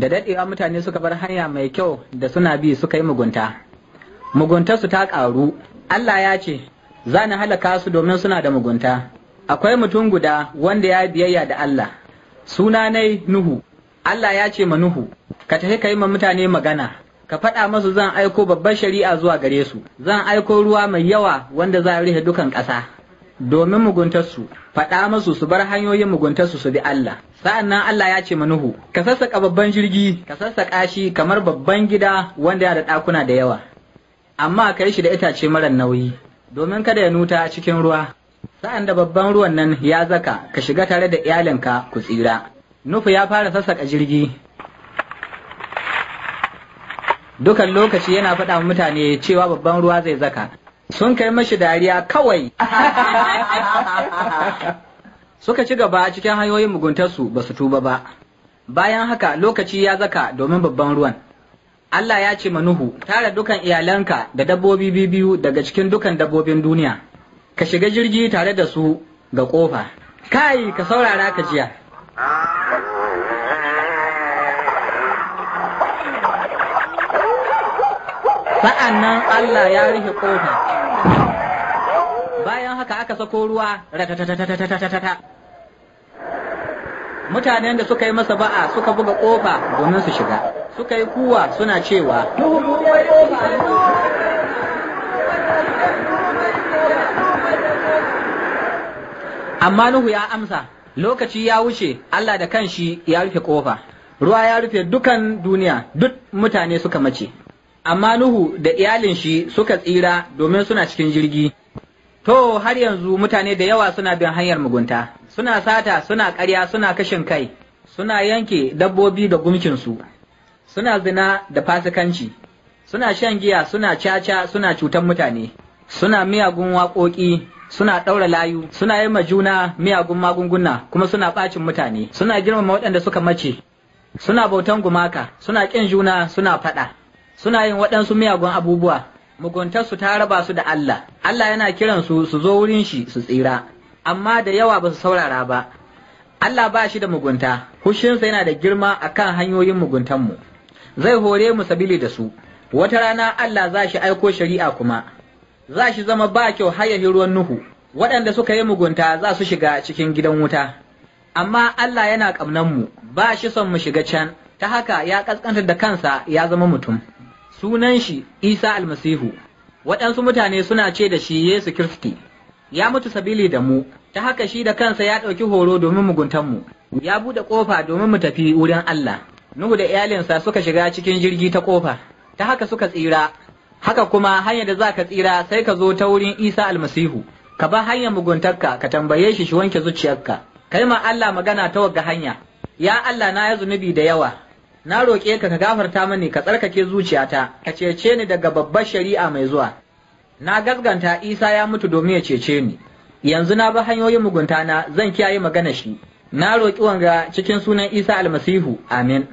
da daɗewa mutane suka bar hanya mai kyau da suna bi suka yi mugunta su ta ƙaru Allah ya ce za ni halaka su domin suna da mugunta akwai mutum guda wanda ya biyayya da Allah suna nai Nuhu Allah ya ce ma Nuhu ka tafi ka yi ma mutane magana ka faɗa masu zan aiko babbar shari'a zuwa gare su zan aiko ruwa mai yawa wanda za a rufe dukan ƙasa domin muguntarsu faɗa masu su bar hanyoyin muguntarsu su bi Allah sa'an nan Allah ya ce manuhu ka sassaƙa babban jirgi ka sassaƙa shi kamar babban gida wanda ya da ɗakuna da yawa amma ka yi shi da itace marar nauyi domin kada ya nuta cikin ruwa sa'an da babban ruwan nan ya zaka ka shiga tare da iyalinka ku tsira nufu ya fara sassaƙa jirgi dukan lokaci yana faɗa mutane cewa babban ruwa zai zaka sun kai mashi dariya kawai suka ci gaba cikin hanyoyin muguntarsu ba su tuba ba bayan haka lokaci ya zaka domin babban ruwan Allah ya ce manuhu tara dukan iyalanka da dabbobi biyu daga cikin dukan dabbobin duniya ka shiga jirgi tare da su ga kofa kai ka saurara ka jiya sa'annan Allah ya rufe ƙofa. bayan haka aka sako ruwa ratatatatatatatata mutanen da suka yi masa ba'a suka buga ƙofa domin su shiga suka yi kuwa suna cewa amma Nuhu ya amsa lokaci ya wuce Allah da kanshi ya rufe ƙofa. ruwa ya rufe dukan duniya duk mutane suka mace amma Nuhu da iyalin shi suka tsira domin suna cikin jirgi. To har yanzu mutane da yawa suna bin hanyar mugunta, suna sata, suna karya, suna kashin kai, suna yanke dabbobi da gumkinsu, suna zina da fasikanci, suna shan giya, suna caca, suna cutan mutane, suna miyagun waƙoƙi, suna ɗaura layu, suna yi ma juna miyagun magunguna, kuma suna ɓacin mutane, suna girmama waɗanda suka mace, suna bautan gumaka, suna ƙin juna, suna faɗa. suna yin waɗansu miyagun abubuwa muguntarsu ta raba su da Allah Allah yana kiran su su zo wurin shi su tsira amma da yawa ba su saurara ba Allah ba shi da mugunta hushinsa yana da girma akan hanyoyin muguntanmu zai hore mu sabili da su wata rana Allah za shi aiko shari'a kuma za shi zama ba kyau haya ruwan Nuhu waɗanda suka yi mugunta za su shiga cikin gidan wuta amma Allah yana ƙamnan mu ba shi son mu shiga can ta haka ya ƙasƙantar da kansa ya zama mutum sunan shi Isa almasihu waɗansu mutane suna ce da shi Yesu Kiristi ya mutu sabili da mu ta haka shi da kansa ya ɗauki horo domin muguntanmu ya buɗe ƙofa domin mu tafi wurin Allah Nuhu da iyalinsa suka shiga cikin jirgi ta ƙofa ta haka suka tsira haka kuma hanya da za ka tsira sai ka zo ta wurin Isa almasihu ka ba hanyar muguntarka ka tambaye shi shi wanke zuciyarka kai ma Allah magana ta wagga hanya ya Allah na ya zunubi da yawa na roƙe ka ka gafarta mani ka tsarkake zuciyata ka cece ni daga babbar shari'a mai zuwa na gasganta isa ya mutu domin ya cece ni yanzu na bi hanyoyin mugunta na zan kiyaye magana shi na roƙi wanga cikin sunan isa almasihu amin